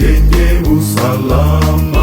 Yenge Musalama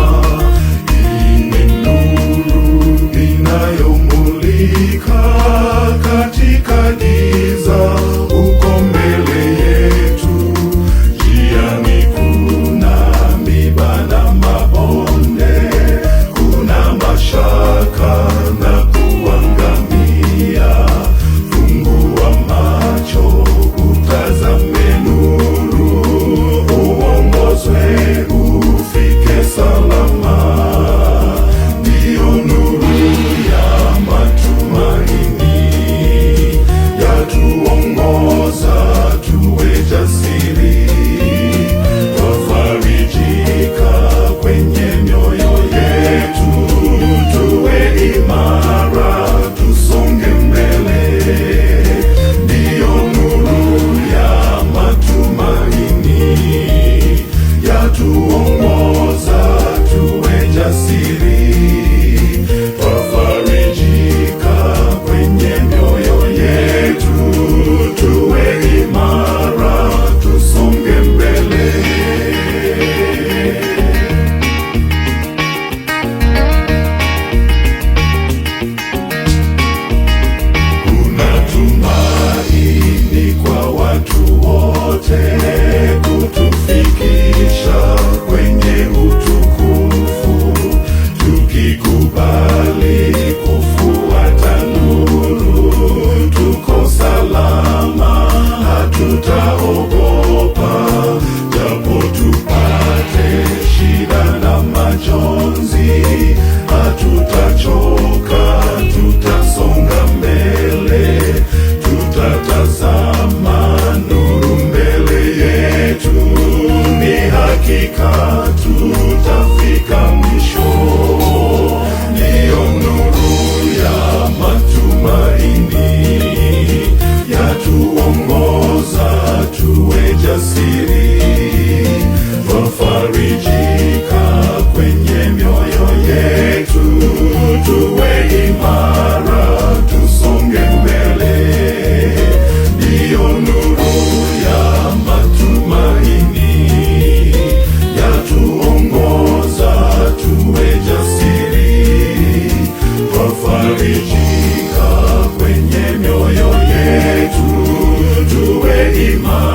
tutafika mwisho. ya yatuongoza, tuwe jasiri, kwenye mioyo yetu, tuwe imara Redeemer.